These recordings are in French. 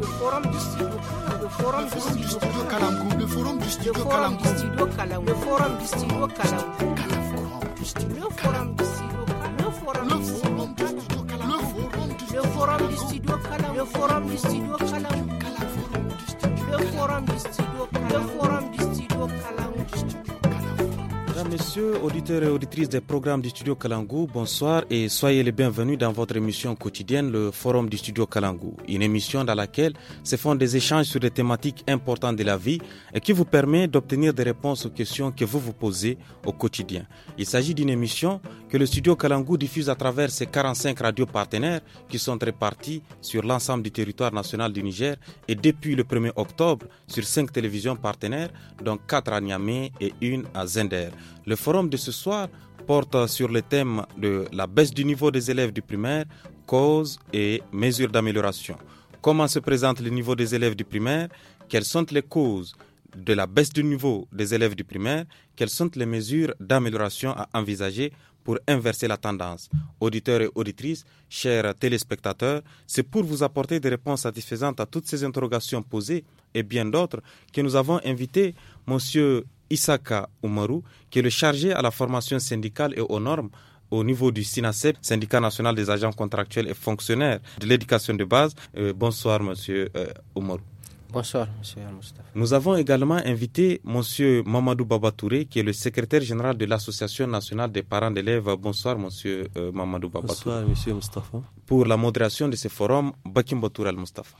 le forum du studio le forum du studio le forum du studio Calam, le forum du studio Kalamgou le forum du studio le forum du studio le forum du studio le forum du studio le forum du studio le forum du studio le forum messieurs, auditeurs et auditrices des programmes du Studio Kalangou, bonsoir et soyez les bienvenus dans votre émission quotidienne, le Forum du Studio Kalangou. Une émission dans laquelle se font des échanges sur des thématiques importantes de la vie et qui vous permet d'obtenir des réponses aux questions que vous vous posez au quotidien. Il s'agit d'une émission que le Studio Kalangou diffuse à travers ses 45 radios partenaires qui sont répartis sur l'ensemble du territoire national du Niger et depuis le 1er octobre sur 5 télévisions partenaires, dont 4 à Niamey et 1 à Zender. Le forum de ce soir porte sur le thème de la baisse du niveau des élèves du primaire, causes et mesures d'amélioration. Comment se présente le niveau des élèves du primaire Quelles sont les causes de la baisse du niveau des élèves du primaire Quelles sont les mesures d'amélioration à envisager pour inverser la tendance Auditeurs et auditrices, chers téléspectateurs, c'est pour vous apporter des réponses satisfaisantes à toutes ces interrogations posées et bien d'autres que nous avons invité M. Isaka Oumarou, qui est le chargé à la formation syndicale et aux normes au niveau du SINASEP, Syndicat national des agents contractuels et fonctionnaires de l'éducation de base. Euh, bonsoir, monsieur Oumaru. Euh, bonsoir, monsieur Al-Mustafa. Nous avons également invité monsieur Mamadou Babatouré, qui est le secrétaire général de l'Association nationale des parents d'élèves. Bonsoir, monsieur euh, Mamadou Babatouré. Bonsoir, monsieur Mustafa. Pour la modération de ce forum, Bakim Batour Al-Mustafa.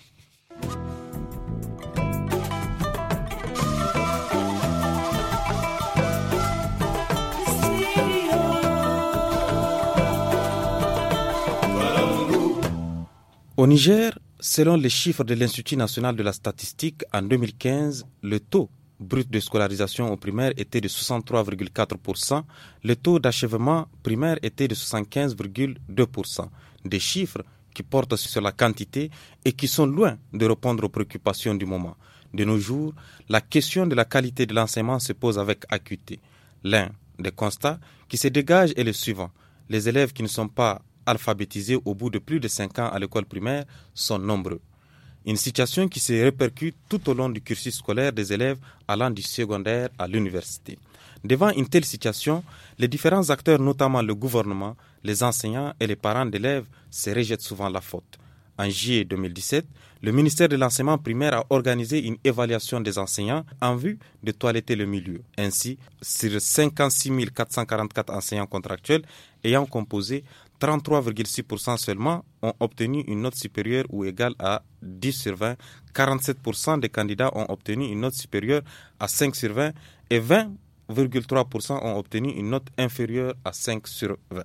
Au Niger, selon les chiffres de l'Institut national de la statistique, en 2015, le taux brut de scolarisation au primaire était de 63,4%, le taux d'achèvement primaire était de 75,2%, des chiffres qui portent sur la quantité et qui sont loin de répondre aux préoccupations du moment. De nos jours, la question de la qualité de l'enseignement se pose avec acuité. L'un des constats qui se dégage est le suivant. Les élèves qui ne sont pas alphabétisés au bout de plus de 5 ans à l'école primaire sont nombreux. Une situation qui se répercute tout au long du cursus scolaire des élèves allant du secondaire à l'université. Devant une telle situation, les différents acteurs, notamment le gouvernement, les enseignants et les parents d'élèves, se rejettent souvent la faute. En juillet 2017, le ministère de l'enseignement primaire a organisé une évaluation des enseignants en vue de toiletter le milieu. Ainsi, sur 56 444 enseignants contractuels ayant composé 33,6% seulement ont obtenu une note supérieure ou égale à 10 sur 20, 47% des candidats ont obtenu une note supérieure à 5 sur 20 et 20,3% ont obtenu une note inférieure à 5 sur 20.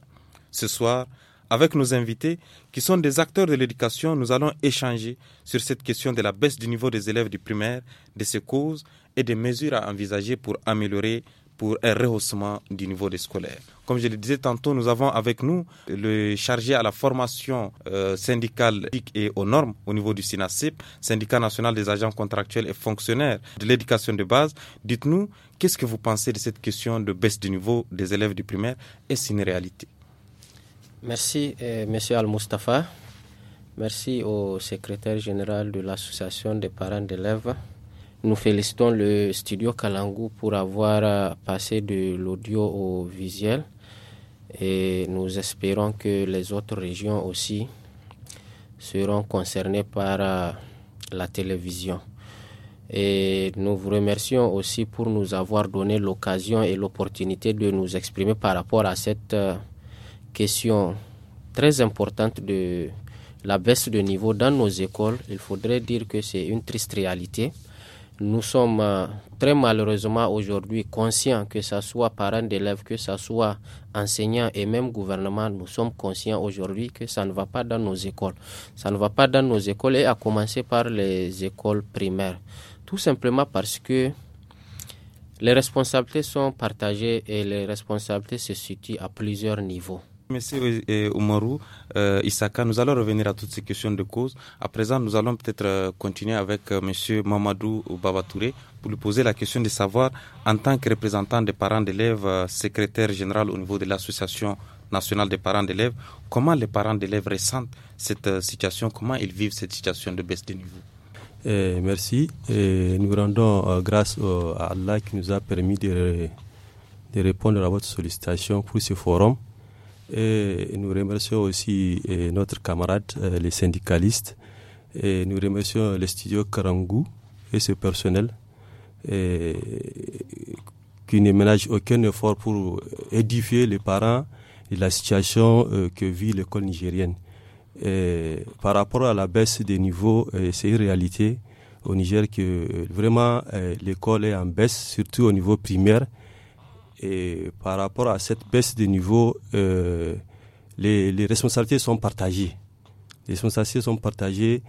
Ce soir, avec nos invités, qui sont des acteurs de l'éducation, nous allons échanger sur cette question de la baisse du niveau des élèves du primaire, de ses causes et des mesures à envisager pour améliorer pour un rehaussement du niveau des scolaires. Comme je le disais tantôt, nous avons avec nous le chargé à la formation euh, syndicale et aux normes au niveau du SINACIP, syndicat national des agents contractuels et fonctionnaires de l'éducation de base. Dites-nous, qu'est-ce que vous pensez de cette question de baisse du niveau des élèves du primaire Est-ce une réalité Merci, M. Euh, Monsieur Al-Mustafa. Merci au secrétaire général de l'Association des parents d'élèves nous félicitons le studio Kalangu pour avoir euh, passé de l'audio au visuel et nous espérons que les autres régions aussi seront concernées par euh, la télévision. Et nous vous remercions aussi pour nous avoir donné l'occasion et l'opportunité de nous exprimer par rapport à cette euh, question très importante de la baisse de niveau dans nos écoles. Il faudrait dire que c'est une triste réalité. Nous sommes euh, très malheureusement aujourd'hui conscients, que ce soit parents d'élèves, que ce soit enseignants et même gouvernement, nous sommes conscients aujourd'hui que ça ne va pas dans nos écoles. Ça ne va pas dans nos écoles et à commencer par les écoles primaires. Tout simplement parce que les responsabilités sont partagées et les responsabilités se situent à plusieurs niveaux. Monsieur Oumarou euh, Isaka. Nous allons revenir à toutes ces questions de cause. À présent, nous allons peut-être euh, continuer avec euh, M. Mamadou Babatouré pour lui poser la question de savoir, en tant que représentant des parents d'élèves, secrétaire général au niveau de l'association nationale des parents d'élèves, comment les parents d'élèves ressentent cette situation, comment ils vivent cette situation de baisse de niveau eh, merci. Eh, nous rendons grâce à Allah qui nous a permis de répondre à votre sollicitation pour ce forum. Et nous remercions aussi eh, notre camarade, eh, les syndicalistes. Et nous remercions les studios Karangou et ses personnel eh, qui ne ménage aucun effort pour édifier les parents et la situation que vit l'école nigérienne. par rapport à la baisse des niveaux, c'est une réalité au Niger que vraiment l'école est en baisse, surtout au niveau primaire. Et par rapport à cette baisse de niveau, euh, les, responsabilités sont partagées. Les responsabilités sont partagées.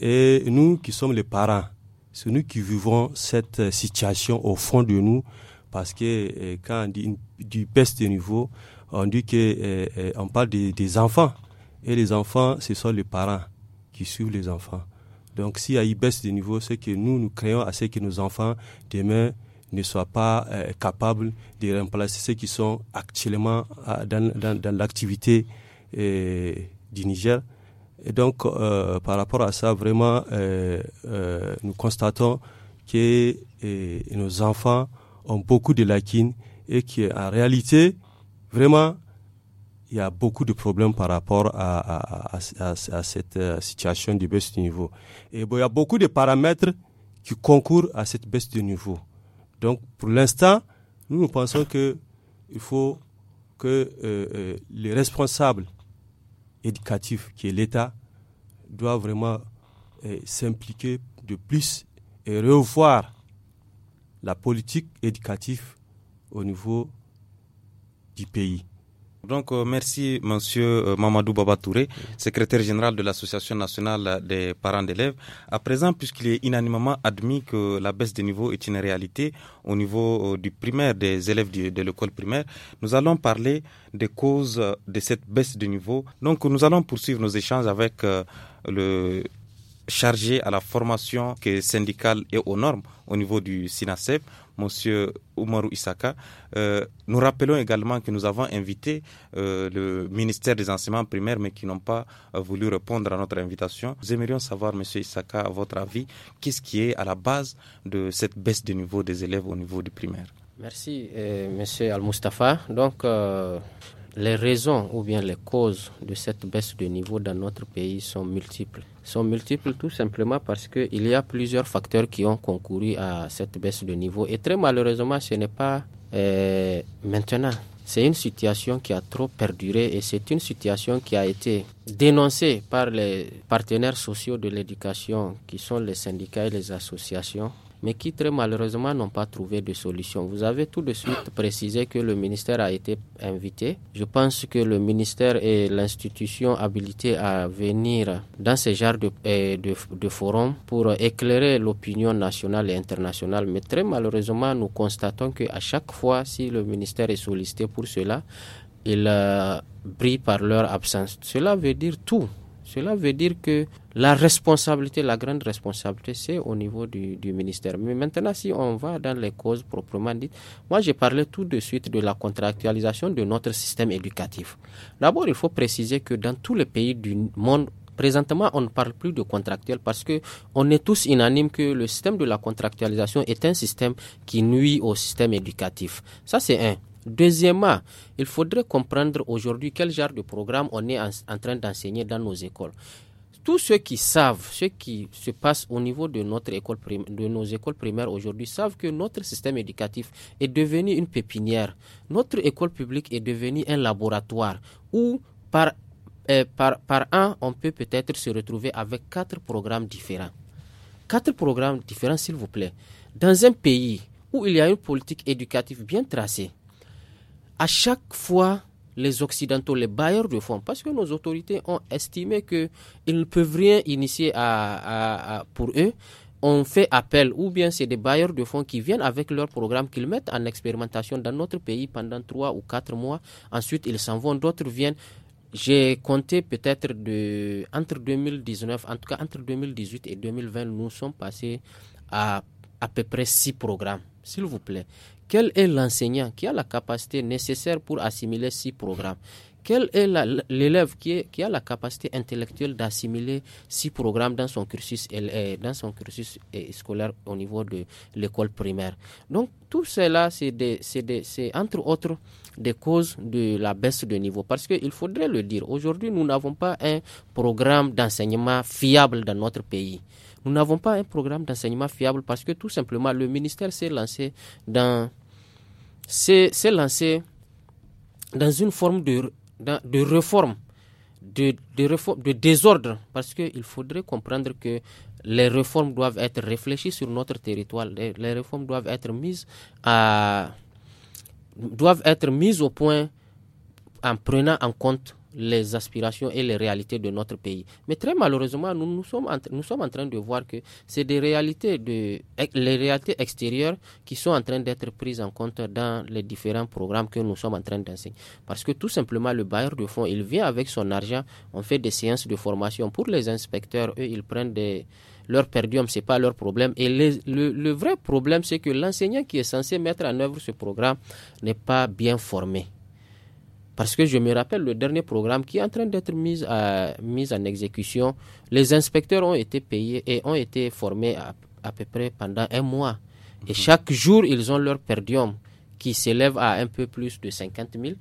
Et nous qui sommes les parents, c'est nous qui vivons cette euh, situation au fond de nous. Parce que euh, quand on dit du baisse de niveau, on dit que on parle des, des enfants. Et les enfants, ce sont les parents qui suivent les enfants. Donc, s'il y a une baisse de niveau, c'est que nous, nous créons à ce que nos enfants, demain, ne soient pas euh, capables de remplacer ceux qui sont actuellement euh, dans, dans, l'activité euh, du Niger. Et donc, par rapport à ça, vraiment, nous constatons que nos enfants ont beaucoup de lacunes et qu'en réalité, vraiment, il y a beaucoup de problèmes par rapport à, cette situation de baisse de niveau. Et il y a beaucoup de paramètres qui concourent à cette baisse de niveau. Donc, pour l'instant, nous, pensons qu'il faut que euh, euh, les responsables éducatifs, qui est l'État, doivent vraiment euh, s'impliquer de plus et revoir la politique éducative au niveau du pays. Donc, euh, merci, monsieur euh, Mamadou Babatouré, secrétaire général de l'Association nationale des parents d'élèves. À présent, puisqu'il est unanimement admis que la baisse de niveau est une réalité au niveau euh, du primaire, des élèves de l'école primaire, nous allons parler des causes de cette baisse de niveau. Donc, nous allons poursuivre nos échanges avec le chargé à la formation syndicale et aux normes au niveau du SINASEP. Monsieur Oumarou Issaka. Euh, nous rappelons également que nous avons invité euh, le ministère des enseignements primaires, mais qui n'ont pas voulu répondre à notre invitation. Nous aimerions savoir, Monsieur Issaka, à votre avis, qu'est-ce qui est à la base de cette baisse de niveau des élèves au niveau du primaire Merci, euh, Monsieur Al-Mustafa. Donc, les raisons ou bien les causes de cette baisse de niveau dans notre pays sont multiples. Sont multiples tout simplement parce qu'il y a plusieurs facteurs qui ont concouru à cette baisse de niveau. Et très malheureusement, ce n'est pas euh, maintenant. C'est une situation qui a trop perduré et c'est une situation qui a été dénoncée par les partenaires sociaux de l'éducation, qui sont les syndicats et les associations, mais qui très malheureusement n'ont pas trouvé de solution. Vous avez tout de suite précisé que le ministère a été invité. Je pense que le ministère est l'institution habilitée à venir dans ce genre euh, de, de, forum pour éclairer l'opinion nationale et internationale. Mais très malheureusement, nous constatons qu'à chaque fois, si le ministère est sollicité pour cela, il euh, brille par leur absence. Cela veut dire tout. Cela veut dire que la responsabilité, la grande responsabilité, c'est au niveau du, ministère. Mais maintenant, si on va dans les causes proprement dites, moi j'ai parlé tout de suite de la contractualisation de notre système éducatif. D'abord, il faut préciser que dans tous les pays du monde, Présentement, on ne parle plus de contractuel parce que on est tous unanimes que le système de la contractualisation est un système qui nuit au système éducatif. Ça, c'est un. Deuxièmement, il faudrait comprendre aujourd'hui quel genre de programme on est en, train d'enseigner dans nos écoles. Tous ceux qui savent ce qui se passe au niveau de, notre école de nos écoles primaires aujourd'hui savent que notre système éducatif est devenu une pépinière. Notre école publique est devenue un laboratoire où euh, par, par an, on peut peut-être se retrouver avec quatre programmes différents. Quatre programmes différents, s'il vous plaît. Dans un pays où il y a une politique éducative bien tracée, à chaque fois, les Occidentaux, les bailleurs de fonds, parce que nos autorités ont estimé qu'ils ne peuvent rien initier à, pour eux, ont fait appel, ou bien c'est des bailleurs de fonds qui viennent avec leur programme qu'ils mettent en expérimentation dans notre pays pendant trois ou quatre mois. Ensuite, ils s'en vont, d'autres viennent. J'ai compté peut-être de, entre 2019, en tout cas entre 2018 et 2020, nous sommes passés à à peu près six programmes, s'il vous plaît. Quel est l'enseignant qui a la capacité nécessaire pour assimiler six programmes Quel est l'élève qui, a la capacité intellectuelle d'assimiler six programmes dans son cursus, dans son cursus scolaire au niveau de l'école primaire Donc tout cela, c'est entre autres des causes de la baisse de niveau. Parce qu'il faudrait le dire, aujourd'hui, nous n'avons pas un programme d'enseignement fiable dans notre pays. Nous n'avons pas un programme d'enseignement fiable parce que tout simplement le ministère s'est lancé dans dans une forme de, de réforme, de, de, de désordre, parce qu'il faudrait comprendre que les réformes doivent être réfléchies sur notre territoire, les, réformes doivent être mises à doivent être mises au point en prenant en compte les aspirations et les réalités de notre pays. Mais très malheureusement, nous, nous, sommes, en, nous sommes en train de voir que c'est des réalités, de, les réalités extérieures qui sont en train d'être prises en compte dans les différents programmes que nous sommes en train d'enseigner. Parce que tout simplement, le bailleur de fonds, il vient avec son argent, on fait des séances de formation pour les inspecteurs, eux, ils prennent des leur perdium, ce n'est pas leur problème. Et le, le, vrai problème, c'est que l'enseignant qui est censé mettre en œuvre ce programme n'est pas bien formé. Parce que je me rappelle le dernier programme qui est en train d'être mis, à, euh, en exécution. Les inspecteurs ont été payés et ont été formés à, peu près pendant un mois. Et mhm. chaque jour, ils ont leur perdium qui s'élève à un peu plus de 50 000.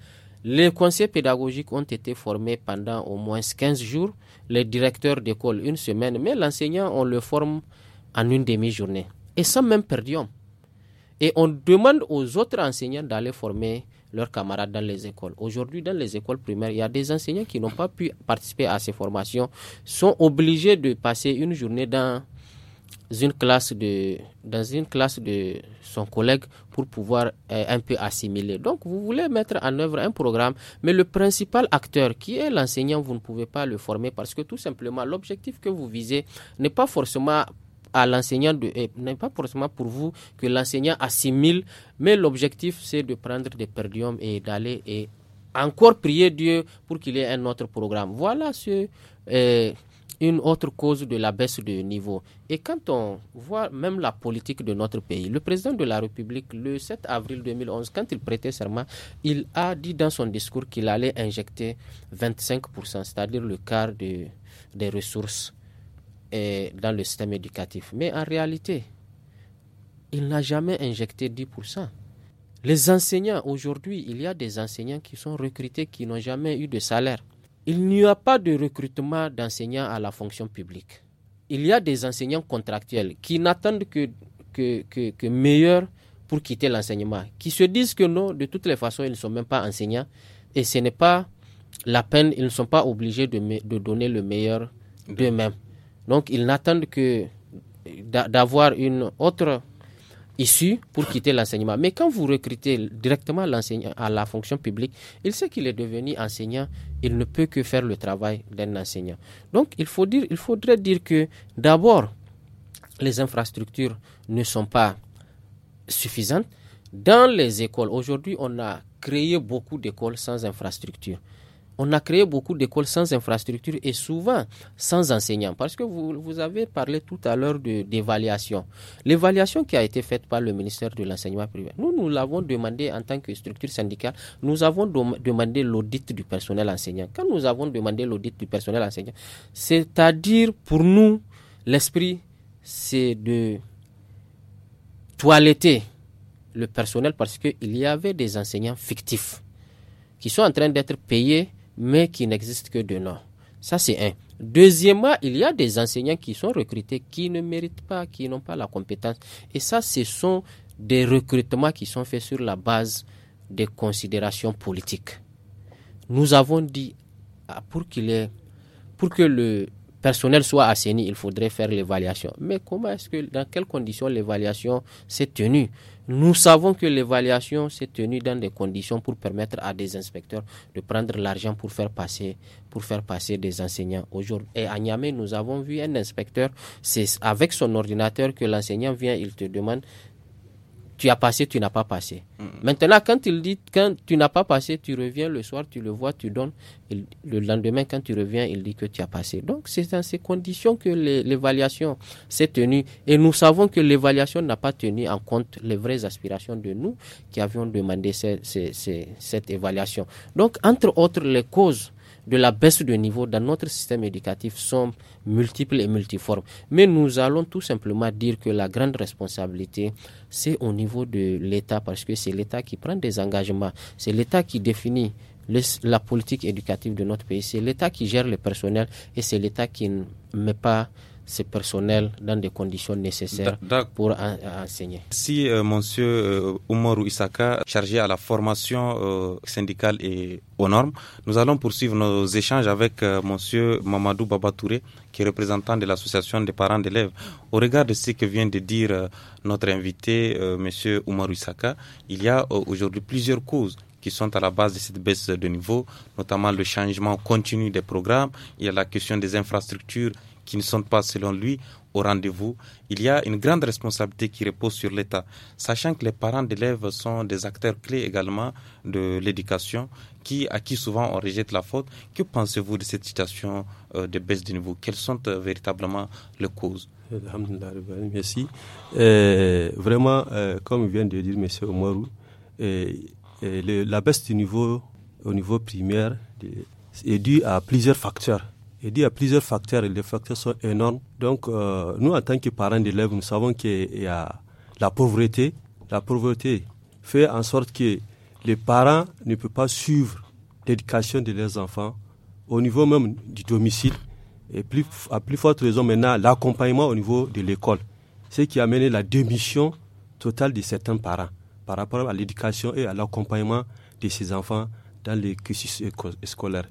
Les conseillers pédagogiques ont été formés pendant au moins 15 jours, les directeurs d'école une semaine, mais l'enseignant, on le forme en une demi-journée et sans même perdium. Et on demande aux autres enseignants d'aller former leurs camarades dans les écoles. Aujourd'hui, dans les écoles primaires, il y a des enseignants qui n'ont pas pu participer à ces formations, sont obligés de passer une journée dans une classe de dans une classe de son collègue pour pouvoir euh, un peu assimiler. Donc vous voulez mettre en œuvre un programme, mais le principal acteur qui est l'enseignant, vous ne pouvez pas le former parce que tout simplement l'objectif que vous visez n'est pas forcément à l'enseignant de, eh, n'est pas forcément pour vous que l'enseignant assimile, mais l'objectif c'est de prendre des perdiums et d'aller et eh, encore prier Dieu pour qu'il ait un autre programme. Voilà ce, eh, une autre cause de la baisse de niveau. Et quand on voit même la politique de notre pays, le président de la République, le 7 avril 2011, quand il prêtait serment, il a dit dans son discours qu'il allait injecter 25%, c'est-à-dire le quart de, des ressources dans le système éducatif. Mais en réalité, il n'a jamais injecté 10%. Les enseignants, aujourd'hui, il y a des enseignants qui sont recrutés qui n'ont jamais eu de salaire. Il n'y a pas de recrutement d'enseignants à la fonction publique. Il y a des enseignants contractuels qui n'attendent que, que, que, meilleur pour quitter l'enseignement, qui se disent que non, de toutes les façons, ils ne sont même pas enseignants et ce n'est pas la peine, ils ne sont pas obligés de, de donner le meilleur d'eux-mêmes. Donc ils n'attendent que d'avoir une autre issue pour quitter l'enseignement. Mais quand vous recrutez directement l'enseignant à la fonction publique, il sait qu'il est devenu enseignant, il ne peut que faire le travail d'un enseignant. Donc il, faut dire, il faudrait dire que d'abord, les infrastructures ne sont pas suffisantes. Dans les écoles, aujourd'hui, on a créé beaucoup d'écoles sans infrastructures on a créé beaucoup d'écoles sans infrastructure et souvent sans enseignants. Parce que vous, avez parlé tout à l'heure d'évaluation. L'évaluation qui a été faite par le ministère de l'Enseignement privé, nous, nous l'avons demandé en tant que structure syndicale, nous avons demandé l'audit du personnel enseignant. Quand nous avons demandé l'audit du personnel enseignant, c'est-à-dire pour nous, l'esprit, c'est de toiletter le personnel parce qu'il y avait des enseignants fictifs qui sont en train d'être payés mais qui n'existe que de nom. Ça, c'est un. Deuxièmement, il y a des enseignants qui sont recrutés qui ne méritent pas, qui n'ont pas la compétence. Et ça, ce sont des recrutements qui sont faits sur la base des considérations politiques. Nous avons dit, ah, pour, qu'il pour que le personnel soit assaini, il faudrait faire l'évaluation. Mais comment est-ce que, dans quelles conditions l'évaluation s'est tenue nous savons que l'évaluation s'est tenue dans des conditions pour permettre à des inspecteurs de prendre l'argent pour faire passer pour faire passer des enseignants. Aujourd'hui, et à Niamey, nous avons vu un inspecteur, c'est avec son ordinateur que l'enseignant vient, il te demande tu as passé, tu n'as pas passé. Maintenant, quand il dit, quand tu n'as pas passé, tu reviens le soir, tu le vois, tu donnes. le lendemain, quand tu reviens, il dit que tu as passé. Donc, c'est dans ces conditions que l'évaluation s'est tenue. Et nous savons que l'évaluation n'a pas tenu en compte les vraies aspirations de nous qui avions demandé cette évaluation. Donc, entre autres, les causes de la baisse de niveau dans notre système éducatif sont multiples et multiformes. Mais nous allons tout simplement dire que la grande responsabilité, c'est au niveau de l'État, parce que c'est l'État qui prend des engagements, c'est l'État qui définit la politique éducative de notre pays, c'est l'État qui gère le personnel et c'est l'État qui ne met pas ce personnels dans des conditions nécessaires pour enseigner. Si M. Euh, monsieur euh, Isaka, chargé à la formation euh, syndicale et aux normes, nous allons poursuivre nos échanges avec euh, Monsieur Mamadou Babatouré, qui est représentant de l'association des parents d'élèves. Au regard de ce que vient de dire notre invité, Monsieur Oumarou Isaka, il y a aujourd'hui plusieurs causes qui sont à la base de cette baisse de niveau, notamment le changement continu des programmes, il y a la question des infrastructures qui ne sont pas, selon lui, au rendez-vous, il y a une grande responsabilité qui repose sur l'État, sachant que les parents d'élèves sont des acteurs clés également de l'éducation, qui, à qui souvent on rejette la faute. Que pensez-vous de cette situation euh, de baisse de niveau Quelles sont euh, véritablement les causes merci. Euh, vraiment, comme vient de dire M. Omarou, la baisse du niveau au niveau primaire est due à plusieurs facteurs il y a plusieurs facteurs et les facteurs sont énormes. Donc, euh, nous, en tant que parents d'élèves, nous savons qu'il y a la pauvreté. La pauvreté fait en sorte que les parents ne peuvent pas suivre l'éducation de leurs enfants au niveau même du domicile et plus, à plus forte raison maintenant l'accompagnement au niveau de l'école, ce qui a mené la démission totale de certains parents par rapport à l'éducation et à l'accompagnement de ces enfants dans les cursus scolaires.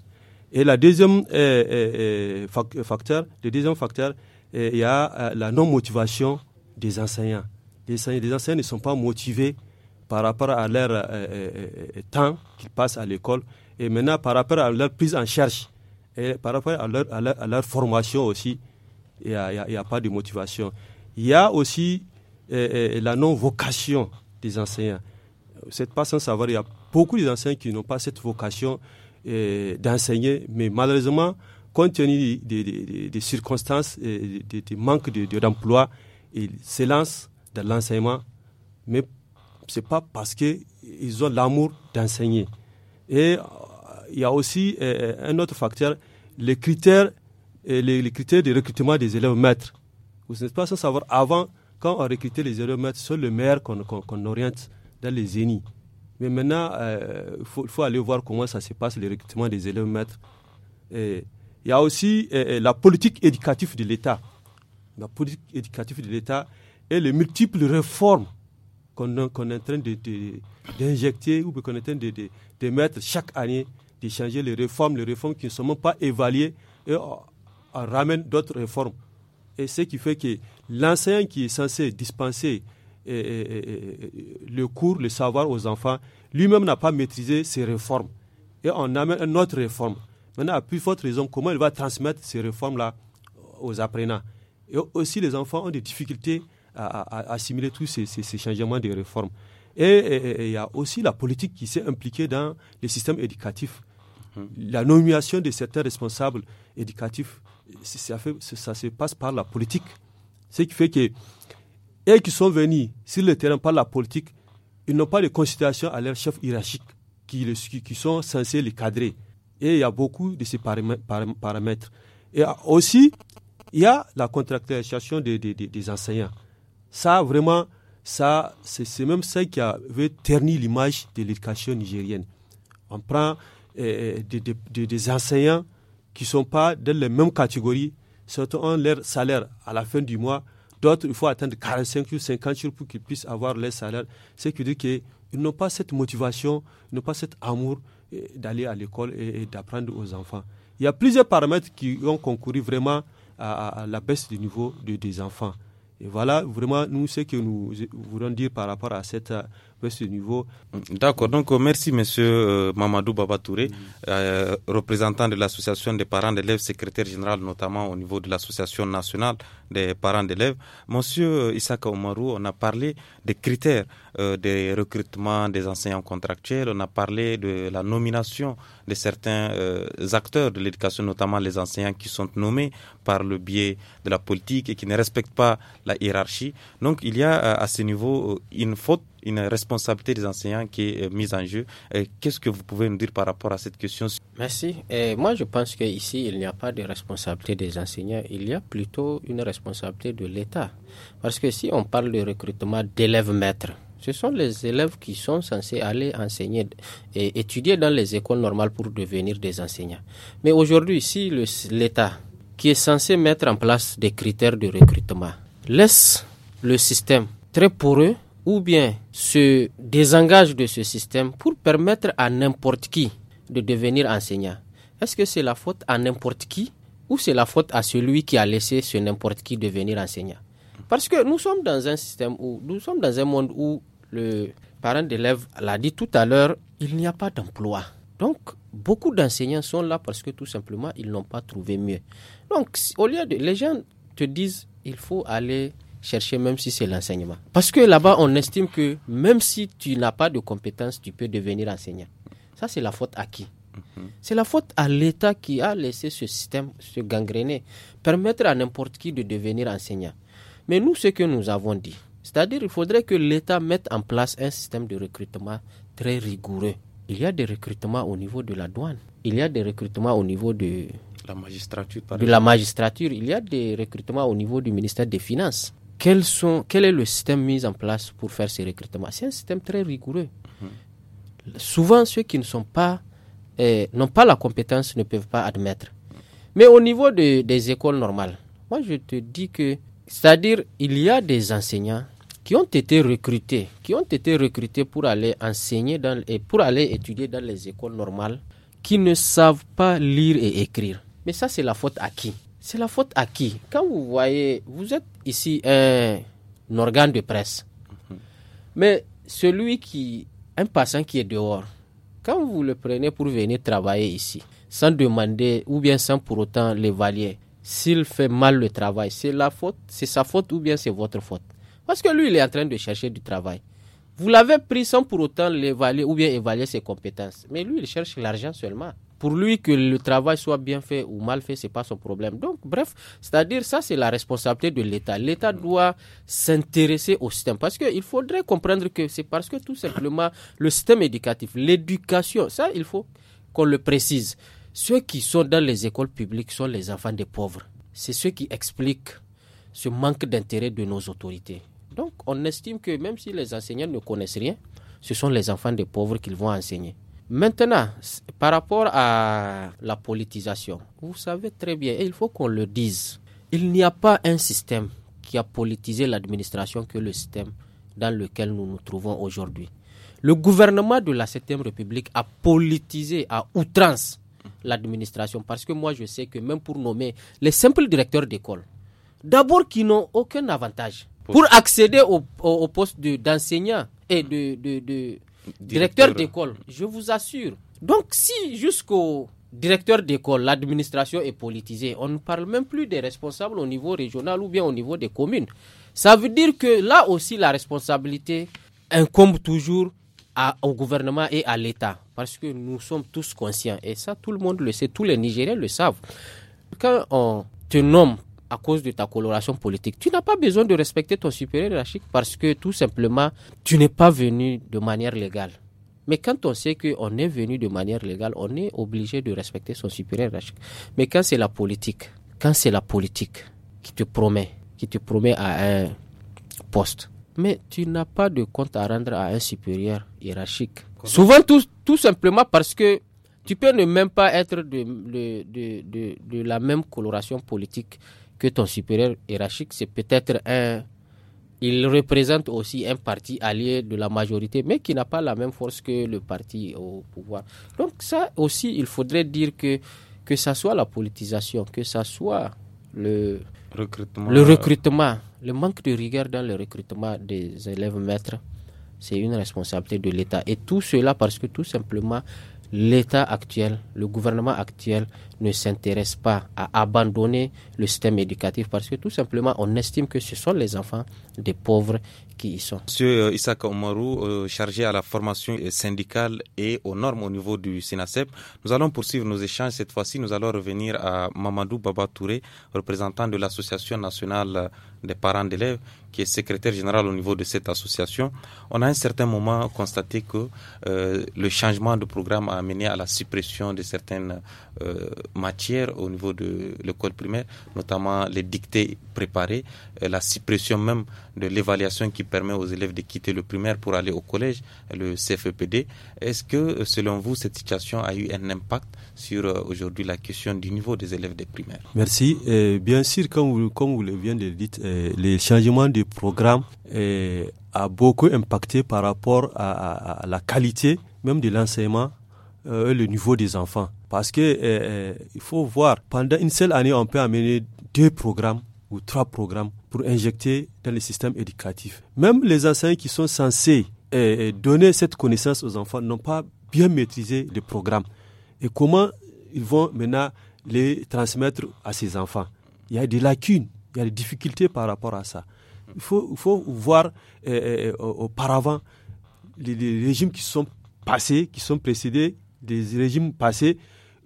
Et la deuxième euh, euh, euh, facteur, le deuxième facteur, il y a la non-motivation des enseignants. Les enseignants, ne sont pas motivés par rapport à leur temps qu'ils passent à l'école et maintenant par rapport à leur prise en charge et par rapport à leur, formation aussi, il n'y a, a, pas de motivation. Il y a aussi la non-vocation des enseignants. C'est pas sans savoir, il y a beaucoup d'enseignants qui n'ont pas cette vocation d'enseigner, mais malheureusement, compte tenu des, circonstances et des, manques d'emploi, de, ils se lancent dans l'enseignement, mais ce n'est pas parce qu'ils ont l'amour d'enseigner. Et euh, il y a aussi euh, euh, un autre facteur, les critères, les, critères de recrutement des élèves maîtres. Vous n'êtes pas sans savoir, avant, quand on recrutait les élèves maîtres, c'est le maire qu'on oriente dans les génies. Mais maintenant, il euh, faut, aller voir comment ça se passe, le recrutement des élèves maîtres. Il y a aussi euh, euh, la politique éducative de l'État. La politique éducative de l'État et les multiples réformes qu'on est en train d'injecter ou qu'on est en train de, de, mettre chaque année, de changer les réformes, les réformes qui ne sont pas évaluées et ramènent d'autres réformes. Et ce qui fait que l'enseignant qui est censé dispenser le cours, le savoir aux enfants, lui-même n'a pas maîtrisé ses réformes. Et on amène une autre réforme. Maintenant, à plus forte raison, comment il va transmettre ces réformes-là aux apprenants Et aussi, les enfants ont des difficultés à, assimiler tous ces, changements de réformes. Et il y a aussi la politique qui s'est impliquée dans le système éducatif. Mmh. La nomination de certains responsables éducatifs, ça, ça, se passe par la politique. Ce qui fait que et qui sont venus sur le terrain par la politique, ils n'ont pas de considération à leur chef hiérarchique qui, qui sont censés les cadrer. Et il y a beaucoup de ces paramètres. Et aussi, il y a la contractualisation des, enseignants. Ça, vraiment, ça, c'est même ça qui a terni l'image de l'éducation nigérienne. On prend eh, eh, des, des, enseignants qui ne sont pas dans les mêmes catégories, certains en leur salaire à la fin du mois, D'autres, il faut attendre 45 jours, 50 jours pour qu'ils puissent avoir les salaires. Ce qui dit qu'ils n'ont pas cette motivation, ils n'ont pas cet amour eh, d'aller à l'école et, d'apprendre aux enfants. Il y a plusieurs paramètres qui ont concouru vraiment à, la baisse du niveau des enfants. Et voilà vraiment ce que nous voulons dire par rapport à cette euh, baisse du niveau. D'accord. Donc euh, merci Monsieur euh, Mamadou Babatouré, représentant de l'association des parents d'élèves, secrétaire général notamment au niveau de l'association nationale des parents d'élèves. Monsieur Issaka Omarou, on a parlé des critères euh, des recrutements des enseignants contractuels, on a parlé de la nomination de certains euh, acteurs de l'éducation, notamment les enseignants qui sont nommés par le biais de la politique et qui ne respectent pas la hiérarchie. Donc il y a euh, à ce niveau une faute une responsabilité des enseignants qui est mise en jeu. Qu'est-ce que vous pouvez nous dire par rapport à cette question Merci. Et moi, je pense qu'ici, il n'y a pas de responsabilité des enseignants. Il y a plutôt une responsabilité responsabilité de l'État. Parce que si on parle de recrutement d'élèves maîtres, ce sont les élèves qui sont censés aller enseigner et étudier dans les écoles normales pour devenir des enseignants. Mais aujourd'hui, si l'État, qui est censé mettre en place des critères de recrutement, laisse le système très poreux ou bien se désengage de ce système pour permettre à n'importe qui de devenir enseignant, est-ce que c'est la faute à n'importe qui ou c'est la faute à celui qui a laissé ce n'importe qui devenir enseignant Parce que nous sommes dans un système où, nous sommes dans un monde où le parent d'élève l'a dit tout à l'heure, il n'y a pas d'emploi. Donc, beaucoup d'enseignants sont là parce que tout simplement, ils n'ont pas trouvé mieux. Donc, au lieu de. Les gens te disent, il faut aller chercher même si c'est l'enseignement. Parce que là-bas, on estime que même si tu n'as pas de compétences, tu peux devenir enseignant. Ça, c'est la faute à qui Mhm. C'est la faute à l'État qui a laissé ce système se gangréner, permettre à n'importe qui de devenir enseignant. Mais nous, ce que nous avons dit, c'est-à-dire qu'il faudrait que l'État mette en place un système de recrutement très rigoureux. Il y a des recrutements au niveau de la douane, il y a des recrutements au niveau de la magistrature, il y a des recrutements au niveau du ministère des Finances. Quels sont, quel est le système mis en place pour faire ces recrutements C'est un système très rigoureux. Mhm. Souvent, ceux qui ne sont pas eh, non n'ont pas la compétence ne peuvent pas admettre. Mais au niveau des écoles normales, moi je te dis que, c'est-à-dire, il y a des enseignants qui ont été recrutés, qui ont été recrutés pour aller enseigner dans, et pour aller étudier dans les écoles normales, qui ne savent pas lire et écrire. Mais ça, c'est la faute à qui C'est la faute à qui Quand vous voyez, vous êtes ici un, organe de presse, mhm. mais celui qui, un passant qui est dehors, quand vous le prenez pour venir travailler ici, sans demander ou bien sans pour autant l'évaluer, s'il fait mal le travail, c'est la faute, c'est sa faute ou bien c'est votre faute. Parce que lui, il est en train de chercher du travail. Vous l'avez pris sans pour autant l'évaluer ou bien évaluer ses compétences. Mais lui, il cherche l'argent seulement. Pour lui, que le travail soit bien fait ou mal fait, c'est pas son problème. Donc, bref, c'est-à-dire ça, c'est la responsabilité de l'État. L'État doit s'intéresser au système parce qu'il faudrait comprendre que c'est parce que tout simplement le système éducatif, l'éducation, ça, il faut qu'on le précise. Ceux qui sont dans les écoles publiques sont les enfants des pauvres. C'est ce qui explique ce manque d'intérêt de nos autorités. Donc, on estime que même si les enseignants ne connaissent rien, ce sont les enfants des pauvres qu'ils vont enseigner. Maintenant, par rapport à la politisation, vous savez très bien, et il faut qu'on le dise, il n'y a pas un système qui a politisé l'administration que le système dans lequel nous nous trouvons aujourd'hui. Le gouvernement de la 7 République a politisé à outrance l'administration parce que moi je sais que même pour nommer les simples directeurs d'école, d'abord qui n'ont aucun avantage pour accéder au, poste d'enseignant et de, de directeur d'école, je vous assure. Donc si jusqu'au directeur d'école, l'administration est politisée, on ne parle même plus des responsables au niveau régional ou bien au niveau des communes. Ça veut dire que là aussi la responsabilité incombe toujours au gouvernement et à l'État. Parce que nous sommes tous conscients. Et ça, tout le monde le sait, tous les Nigériens le savent. Quand on te nomme à cause de ta coloration politique. Tu n'as pas besoin de respecter ton supérieur hiérarchique parce que tout simplement, tu n'es pas venu de manière légale. Mais quand on sait qu'on est venu de manière légale, on est obligé de respecter son supérieur hiérarchique. Mais quand c'est la politique, quand c'est la politique qui te promet, qui te promet à un poste, mais tu n'as pas de compte à rendre à un supérieur hiérarchique. Souvent, tout, simplement parce que tu peux ne même pas être de la même coloration politique que ton supérieur hiérarchique, c'est peut-être un... Il représente aussi un parti allié de la majorité, mais qui n'a pas la même force que le parti au pouvoir. Donc ça aussi, il faudrait dire que que ça soit la politisation, que ça soit le recrutement, le, recrutement, le manque de rigueur dans le recrutement des élèves maîtres, c'est une responsabilité de l'État. Et tout cela parce que tout simplement, l'État actuel, le gouvernement actuel ne s'intéresse pas à abandonner le système éducatif parce que tout simplement on estime que ce sont les enfants des pauvres qui y sont. Monsieur euh, Isaac Omarou, euh, chargé à la formation euh, syndicale et aux normes au niveau du SINASEP, nous allons poursuivre nos échanges. Cette fois-ci, nous allons revenir à Mamadou Babatouré, représentant de l'Association nationale des parents d'élèves, qui est secrétaire général au niveau de cette association, on a à un certain moment constaté que euh, le changement de programme a amené à la suppression de certaines euh, matières au niveau de l'école primaire, notamment les dictées préparées, euh, la suppression même de l'évaluation qui permet aux élèves de quitter le primaire pour aller au collège, le CFEPD. Est-ce que, selon vous, cette situation a eu un impact sur aujourd'hui la question du niveau des élèves des primaires Merci. bien sûr, comme vous, comme vous le vient de le dire, eh, les changements de programme eh, a beaucoup impacté par rapport à, la qualité même de l'enseignement euh, et le niveau des enfants. Parce que eh, il faut voir, pendant une seule année, on peut amener deux programmes ou trois programmes pour injecter dans le système éducatif. Même les enseignants qui sont censés donner cette connaissance aux enfants n'ont pas bien maîtrisé le programme. Et comment ils vont maintenant les transmettre à ces enfants Il y a des lacunes il y a des difficultés par rapport à ça. Il faut, faut voir euh, euh, euh, auparavant les, régimes qui sont passés, qui sont précédés, des régimes passés,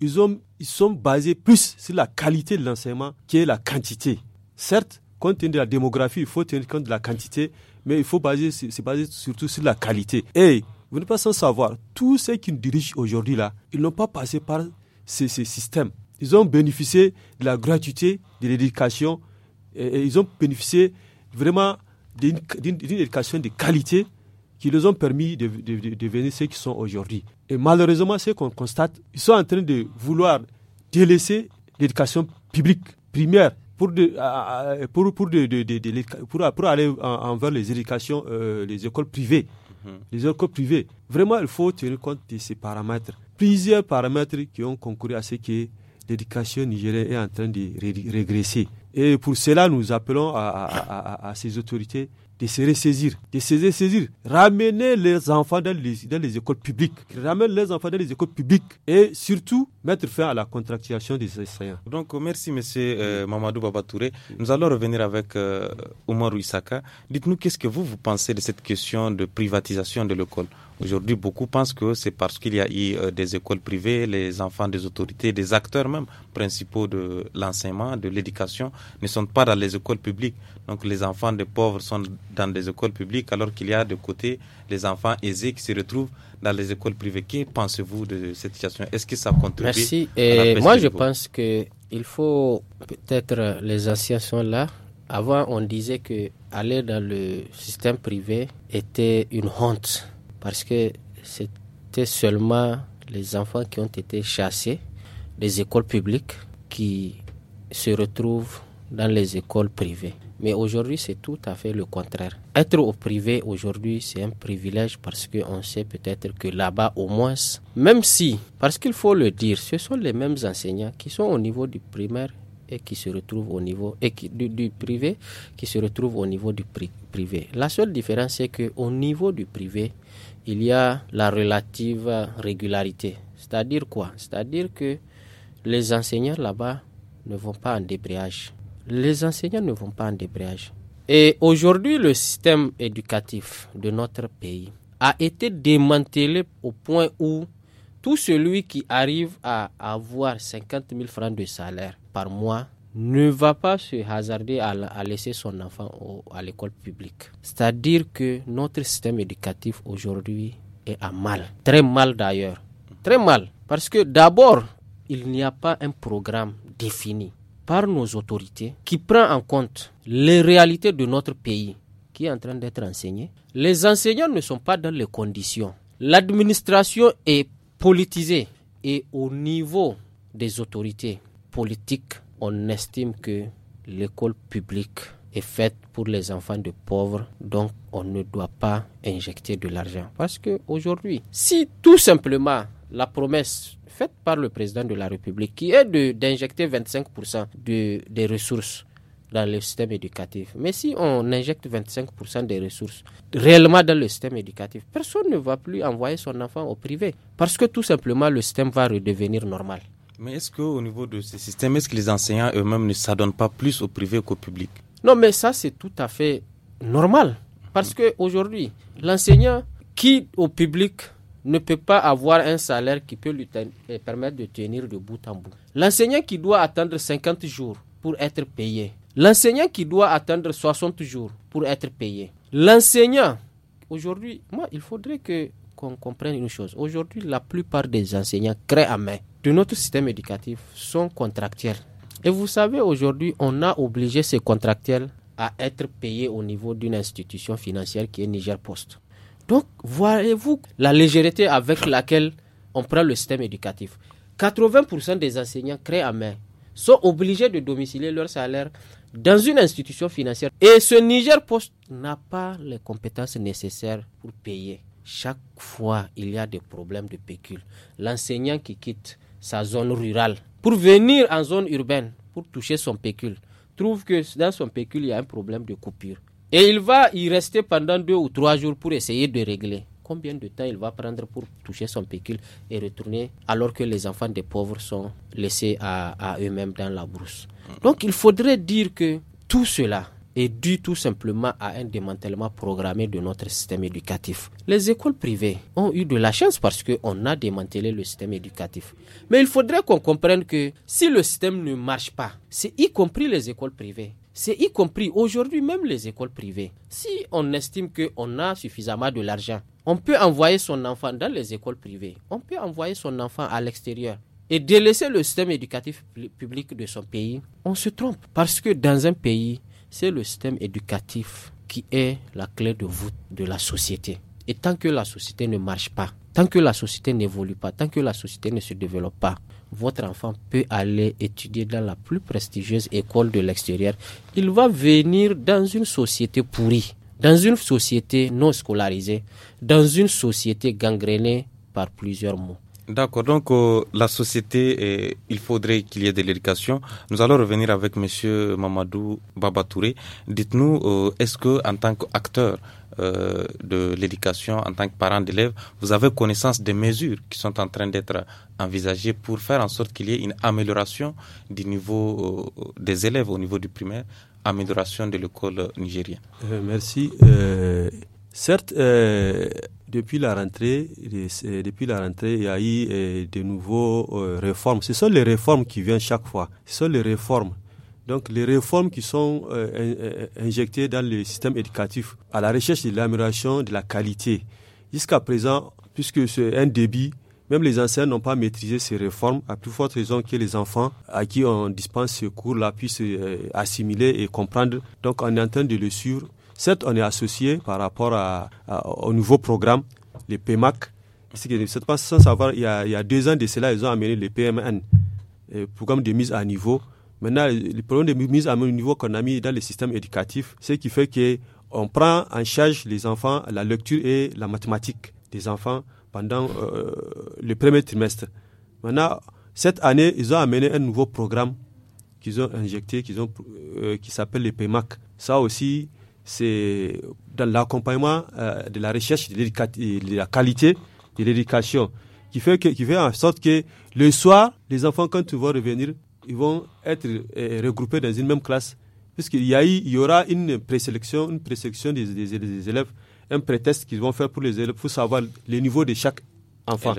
ils, ont, ils sont basés plus sur la qualité de l'enseignement que la quantité. Certes, compte tient de la démographie, il faut tenir compte de la quantité, mais il faut baser, c'est basé surtout sur la qualité. Et vous n'êtes pas sans savoir, tous ceux qui nous dirigent aujourd'hui là, ils n'ont pas passé par ces, ces, systèmes. Ils ont bénéficié de la gratuité de l'éducation ils ont bénéficié vraiment d'une éducation de qualité qui les ont permis de, devenir ceux qu'ils sont aujourd'hui. Et malheureusement, ce qu'on constate, ils sont en train de vouloir délaisser l'éducation publique primaire pour, pour, pour, aller envers les euh, les écoles privées. Mhm. Les écoles privées. Vraiment, il faut tenir compte de ces paramètres. Plusieurs paramètres qui ont concouru à ce que l'éducation nigérienne est en train de régresser. Et pour cela, nous appelons à, ces autorités de se ressaisir, de se ressaisir, ramener les enfants dans les, les écoles publiques, ramener les enfants dans les écoles publiques et surtout mettre fin à la contractuation des enseignants. Donc merci Monsieur euh, Mamadou Babatouré. Nous allons revenir avec euh, Omar Ouissaka. Dites-nous qu'est-ce que vous, vous pensez de cette question de privatisation de l'école Aujourd'hui, beaucoup pensent que c'est parce qu'il y a eu euh, des écoles privées, les enfants des autorités, des acteurs même principaux de l'enseignement, de l'éducation, ne sont pas dans les écoles publiques. Donc les enfants des pauvres sont dans des écoles publiques alors qu'il y a de côté les enfants aisés qui se retrouvent dans les écoles privées. Que pensez-vous de cette situation Est-ce que ça contribue Merci. Et moi, je pense qu'il faut peut-être euh, les anciens sont là. Avant, on disait que aller dans le système privé était une honte parce que c'était seulement les enfants qui ont été chassés des écoles publiques qui se retrouvent dans les écoles privées. Mais aujourd'hui, c'est tout à fait le contraire. Être au privé aujourd'hui, c'est un privilège parce qu'on sait peut-être que là-bas, au moins, même si, parce qu'il faut le dire, ce sont les mêmes enseignants qui sont au niveau du primaire et qui se retrouvent au niveau et qui, du, privé, qui se retrouvent au niveau du privé. La seule différence, c'est qu'au niveau du privé, il y a la relative régularité. C'est-à-dire quoi C'est-à-dire que les enseignants là-bas ne vont pas en débrayage. Les enseignants ne vont pas en débrayage. Et aujourd'hui, le système éducatif de notre pays a été démantelé au point où tout celui qui arrive à avoir 50 000 francs de salaire par mois ne va pas se hasarder à, laisser son enfant à l'école publique. C'est-à-dire que notre système éducatif aujourd'hui est à mal, très mal d'ailleurs, très mal. Parce que d'abord, il n'y a pas un programme défini par nos autorités qui prend en compte les réalités de notre pays qui est en train d'être enseigné. Les enseignants ne sont pas dans les conditions. L'administration est politisée et au niveau des autorités politiques on estime que l'école publique est faite pour les enfants de pauvres, donc on ne doit pas injecter de l'argent. Parce que aujourd'hui, si tout simplement la promesse faite par le président de la République, qui est d'injecter 25% des ressources dans le système éducatif. Mais si on injecte 25% des ressources réellement dans le système éducatif, personne ne va plus envoyer son enfant au privé parce que tout simplement le système va redevenir normal. Mais est-ce qu'au niveau de ce système, est-ce que les enseignants eux-mêmes ne s'adonnent pas plus au privé qu'au public Non, mais ça, c'est tout à fait normal. Parce qu'aujourd'hui, l'enseignant qui, au public, ne peut pas avoir un salaire qui peut lui euh, permettre de tenir de bout en bout. L'enseignant qui doit attendre 50 jours pour être payé. L'enseignant qui doit attendre 60 jours pour être payé. L'enseignant, aujourd'hui, moi, il faudrait que qu'on comprenne une chose. Aujourd'hui, la plupart des enseignants créent à main de notre système éducatif sont contractuels. Et vous savez, aujourd'hui, on a obligé ces contractuels à être payés au niveau d'une institution financière qui est Niger Post. Donc, voyez-vous la légèreté avec laquelle on prend le système éducatif. 80% des enseignants créés à main sont obligés de domicilier leur salaire dans une institution financière. Et ce Niger Post n'a pas les compétences nécessaires pour payer. Chaque fois, il y a des problèmes de pécule. L'enseignant qui quitte sa zone rurale pour venir en zone urbaine pour toucher son pécule trouve que dans son pécule il y a un problème de coupure et il va y rester pendant deux ou trois jours pour essayer de régler combien de temps il va prendre pour toucher son pécule et retourner alors que les enfants des pauvres sont laissés à, à eux-mêmes dans la brousse. Donc il faudrait dire que tout cela, est dû tout simplement à un démantèlement programmé de notre système éducatif. Les écoles privées ont eu de la chance parce qu'on a démantelé le système éducatif. Mais il faudrait qu'on comprenne que si le système ne marche pas, c'est y compris les écoles privées. C'est y compris aujourd'hui même les écoles privées. Si on estime qu'on a suffisamment de l'argent, on peut envoyer son enfant dans les écoles privées. On peut envoyer son enfant à l'extérieur et délaisser le système éducatif public de son pays, on se trompe. Parce que dans un pays, c'est le système éducatif qui est la clé de voûte de la société. Et tant que la société ne marche pas, tant que la société n'évolue pas, tant que la société ne se développe pas, votre enfant peut aller étudier dans la plus prestigieuse école de l'extérieur. Il va venir dans une société pourrie, dans une société non scolarisée, dans une société gangrénée par plusieurs mots. D'accord, donc euh, la société, euh, il faudrait qu'il y ait de l'éducation. Nous allons revenir avec Monsieur Mamadou Babatouré. Dites-nous, euh, est-ce que en tant qu'acteur de l'éducation, en tant que parent d'élève, vous avez connaissance des mesures qui sont en train d'être envisagées pour faire en sorte qu'il y ait une amélioration du niveau des élèves au niveau du primaire, amélioration de l'école nigérienne Merci. Certes, euh, depuis la rentrée, depuis la rentrée, il y a eu euh, de nouveaux euh, réformes. Ce sont les réformes qui viennent chaque fois. Ce sont les réformes. Donc, les réformes qui sont injectées dans le système éducatif à la recherche de l'amélioration de la qualité. Jusqu'à présent, puisque c'est un débit, même les anciens n'ont pas maîtrisé ces réformes, à plus forte raison que les enfants à qui on dispense ce cours-là puissent assimiler et comprendre. Donc, on est en train de le suivre Certes, on est associé par rapport à, au nouveau programme, les PMAC. C'est pas sans savoir, il y, a, il y, deux ans de cela, ils ont amené les PMN, le euh, programme de mise à niveau. Maintenant, le programme de mise à niveau qu'on a mis dans le système éducatif, ce qui fait qu'on prend en charge les enfants, la lecture et la mathématique des enfants pendant euh, le premier trimestre. Maintenant, cette année, ils ont amené un nouveau programme qu'ils ont injecté, qu'ils ont, euh, qui s'appelle le PMAC. Ça aussi, c'est dans l'accompagnement euh, de la recherche de, la qualité de l'éducation qui fait que, qui en sorte que le soir, les enfants, quand ils vont revenir, ils vont être euh, regroupés dans une même classe. Puisqu'il y, a, il y aura une présélection, une présélection des, des, élèves, un prétexte qu'ils vont faire pour les élèves pour savoir le niveau de chaque enfant.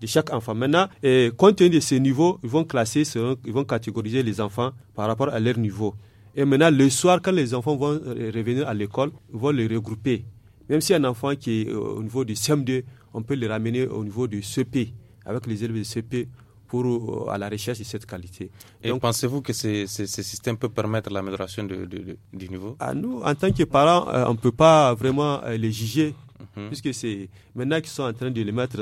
De chaque enfant. Maintenant, et compte tenu de ces niveaux, ils vont classer, ils vont catégoriser les enfants par rapport à leur niveau. Et maintenant, le soir, quand les enfants vont euh, revenir à l'école, ils vont les regrouper. Même si un enfant qui est euh, au niveau du CM2, on peut le ramener au niveau du CP, avec les élèves du CP, pour, euh, à la recherche de cette qualité. Et pensez-vous que ce, système peut permettre l'amélioration de, de, du niveau à ah, Nous, en tant que parents, on ne peut pas vraiment les juger, mhm. puisque c'est maintenant qu'ils sont en train de les mettre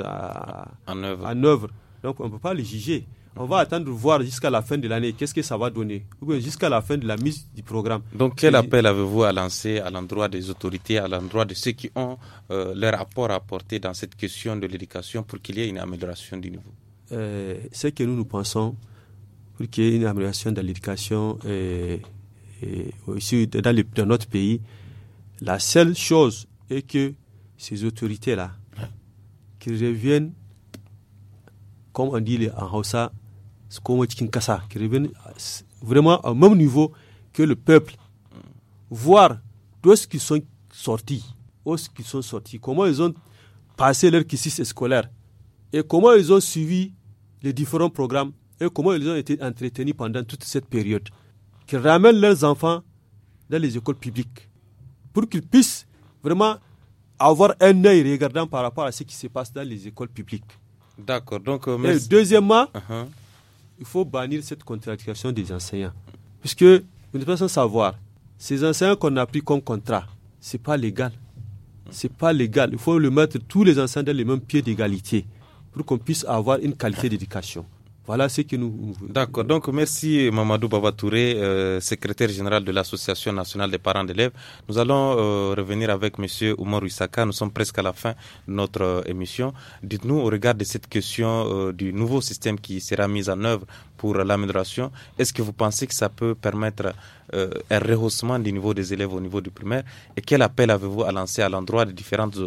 en, œuvre. en, œuvre. Donc, on ne peut pas les juger on va attendre voir jusqu'à la fin de l'année qu'est-ce que ça va donner, jusqu'à la fin de la mise du programme. Donc quel appel avez-vous à lancer à l'endroit des autorités, à l'endroit de ceux qui ont euh, leur apport à apporter dans cette question de l'éducation pour qu'il y ait une amélioration du niveau euh, Ce que nous, nous pensons, pour qu'il y ait une amélioration de l'éducation euh, et aussi dans, notre pays, la seule chose est que ces autorités-là, qu'ils reviennent, comme on dit en Hausa, qui vraiment au même niveau que le peuple voir d'où ce qu'ils sont sortis où ce qu'ils sont sortis comment ils ont passé leur cursus scolaire et comment ils ont suivi les différents programmes et comment ils ont été entretenus pendant toute cette période qu'ils ramènent leurs enfants dans les écoles publiques pour qu'ils puissent vraiment avoir un œil regardant par rapport à ce qui se passe dans les écoles publiques. D'accord. Donc, euh, et deuxièmement, uh-huh il faut bannir cette contractualisation des enseignants. Puisque vous n'êtes pas sans savoir, ces enseignants qu'on a pris comme contrat, ce n'est pas légal. Ce n'est pas légal. Il faut le mettre tous les enseignants dans les mêmes pieds d'égalité pour qu'on puisse avoir une qualité d'éducation. Voilà ce que nous. D'accord. Donc, merci Mamadou Babatouré, euh, secrétaire général de l'Association nationale des parents d'élèves. Nous allons euh, revenir avec M. Oumar Issaka. Nous sommes presque à la fin de notre euh, émission. Dites-nous, au regard de cette question du nouveau système qui sera mis en œuvre pour l'amélioration, est-ce que vous pensez que ça peut permettre un rehaussement du niveau des élèves au niveau du primaire Et quel appel avez-vous à lancer à l'endroit des différentes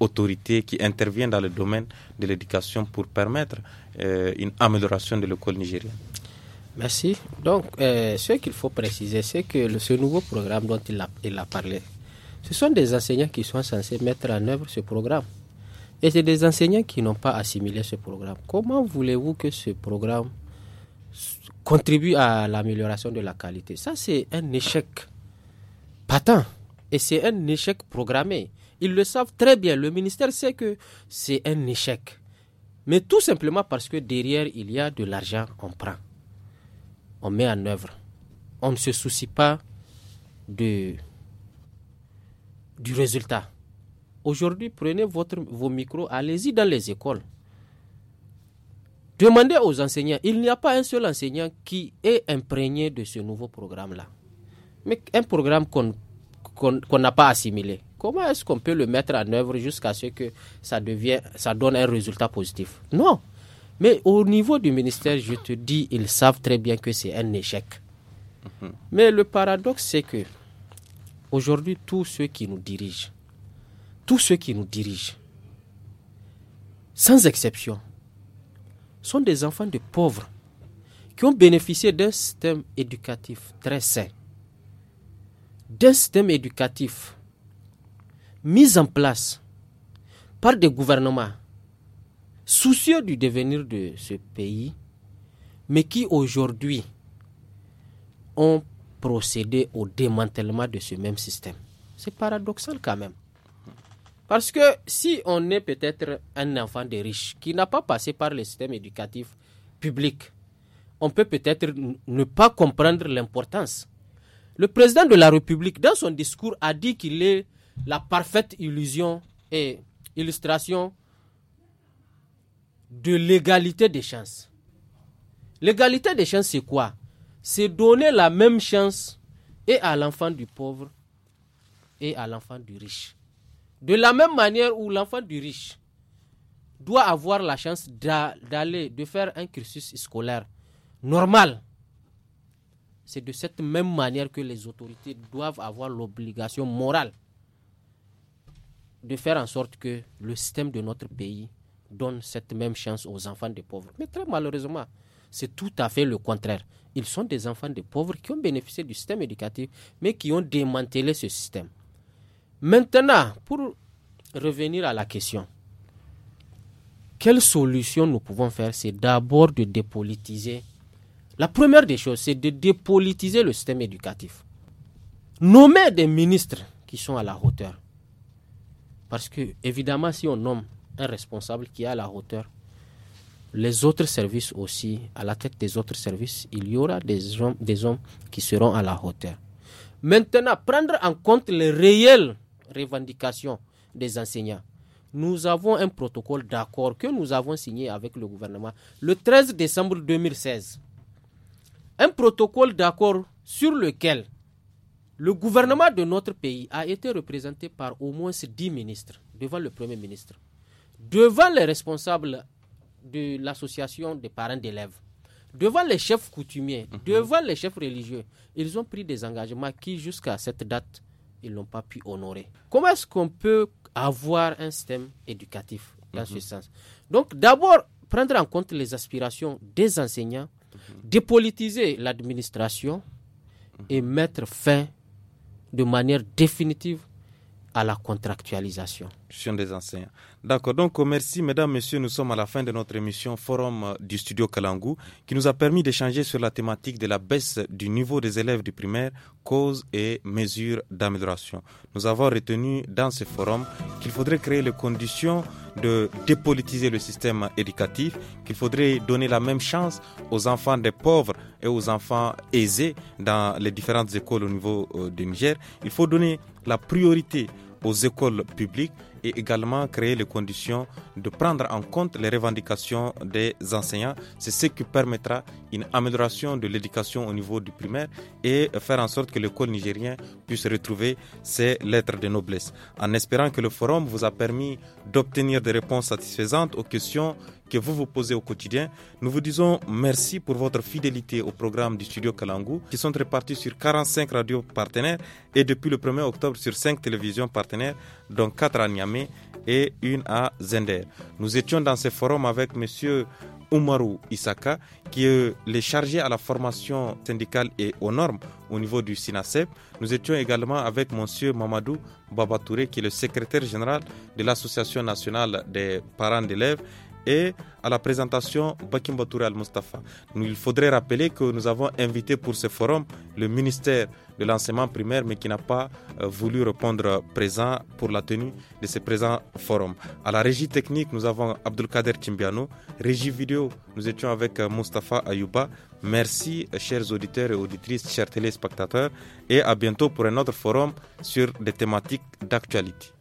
autorités qui interviennent dans le domaine de l'éducation pour permettre euh, une amélioration de l'école nigérienne. Merci. Donc, euh, ce qu'il faut préciser, c'est que ce nouveau programme dont il a, il a, parlé, ce sont des enseignants qui sont censés mettre en œuvre ce programme. Et c'est des enseignants qui n'ont pas assimilé ce programme. Comment voulez-vous que ce programme contribue à l'amélioration de la qualité Ça, c'est un échec patent. Et c'est un échec programmé. Ils le savent très bien. Le ministère sait que c'est un échec mais tout simplement parce que derrière, il y a de l'argent, on prend, on met en œuvre. On ne se soucie pas du résultat. Aujourd'hui, prenez votre, vos micros, allez-y dans les écoles. Demandez aux enseignants. Il n'y a pas un seul enseignant qui est imprégné de ce nouveau programme-là. Mais un programme qu'on n'a pas assimilé. Comment est-ce qu'on peut le mettre en œuvre jusqu'à ce que ça, devienne, ça donne un résultat positif Non. Mais au niveau du ministère, je te dis, ils savent très bien que c'est un échec. Mhm. Mais le paradoxe, c'est que aujourd'hui, tous ceux qui nous dirigent, tous ceux qui nous dirigent, sans exception, sont des enfants de pauvres qui ont bénéficié d'un système éducatif très sain, d'un système éducatif mise en place par des gouvernements soucieux du devenir de ce pays, mais qui aujourd'hui ont procédé au démantèlement de ce même système. C'est paradoxal quand même. Parce que si on est peut-être un enfant des riches qui n'a pas passé par le système éducatif public, on peut peut-être ne pas comprendre l'importance. Le président de la République, dans son discours, a dit qu'il est la parfaite illusion et illustration de l'égalité des chances. L'égalité des chances, c'est quoi C'est donner la même chance et à l'enfant du pauvre et à l'enfant du riche. De la même manière où l'enfant du riche doit avoir la chance d'aller, de faire un cursus scolaire normal, c'est de cette même manière que les autorités doivent avoir l'obligation morale de faire en sorte que le système de notre pays donne cette même chance aux enfants des pauvres. Mais très malheureusement, c'est tout à fait le contraire. Ils sont des enfants des pauvres qui ont bénéficié du système éducatif, mais qui ont démantelé ce système. Maintenant, pour revenir à la question, quelle solution nous pouvons faire C'est d'abord de dépolitiser. La première des choses, c'est de dépolitiser le système éducatif. Nommer des ministres qui sont à la hauteur. Parce que, évidemment, si on nomme un responsable qui a la hauteur, les autres services aussi, à la tête des autres services, il y aura des hommes, des hommes qui seront à la hauteur. Maintenant, prendre en compte les réelles revendications des enseignants. Nous avons un protocole d'accord que nous avons signé avec le gouvernement le 13 décembre 2016. Un protocole d'accord sur lequel le gouvernement de notre pays a été représenté par au moins 10 ministres devant le Premier ministre, devant les responsables de l'association des parents d'élèves, devant les chefs coutumiers, mhm. devant les chefs religieux. Ils ont pris des engagements qui, jusqu'à cette date, ils n'ont pas pu honorer. Comment est-ce qu'on peut avoir un système éducatif dans ce mhm. sens Donc d'abord, prendre en compte les aspirations des enseignants, mhm. dépolitiser l'administration et mettre fin de manière définitive à la contractualisation. Des enseignants. D'accord, donc merci mesdames, messieurs, nous sommes à la fin de notre émission Forum du studio Kalangou qui nous a permis d'échanger sur la thématique de la baisse du niveau des élèves du primaire, causes et mesures d'amélioration. Nous avons retenu dans ce forum qu'il faudrait créer les conditions de dépolitiser le système éducatif, qu'il faudrait donner la même chance aux enfants des pauvres et aux enfants aisés dans les différentes écoles au niveau euh, du Niger. Il faut donner la priorité aux écoles publiques et également créer les conditions de prendre en compte les revendications des enseignants. C'est ce qui permettra une amélioration de l'éducation au niveau du primaire et faire en sorte que l'école nigérienne puisse retrouver ses lettres de noblesse. En espérant que le forum vous a permis d'obtenir des réponses satisfaisantes aux questions que vous vous posez au quotidien. Nous vous disons merci pour votre fidélité au programme du studio Kalangu, qui sont répartis sur 45 radios partenaires et depuis le 1er octobre sur 5 télévisions partenaires, dont 4 à Niamey et une à Zender. Nous étions dans ce forum avec Monsieur Umaru Isaka, qui est le chargé à la formation syndicale et aux normes au niveau du SINASEP. Nous étions également avec Monsieur Mamadou Babatouré, qui est le secrétaire général de l'Association nationale des parents d'élèves, et à la présentation Bakim Batouré Al-Mustafa. Il faudrait rappeler que nous avons invité pour ce forum le ministère de l'enseignement primaire, mais qui n'a pas euh, voulu répondre présent pour la tenue de ce présent forum. À la régie technique, nous avons Abdelkader Timbiano. Régie vidéo, nous étions avec euh, Mustafa Ayouba. Merci, euh, chers auditeurs et auditrices, chers téléspectateurs, et à bientôt pour un autre forum sur des thématiques d'actualité.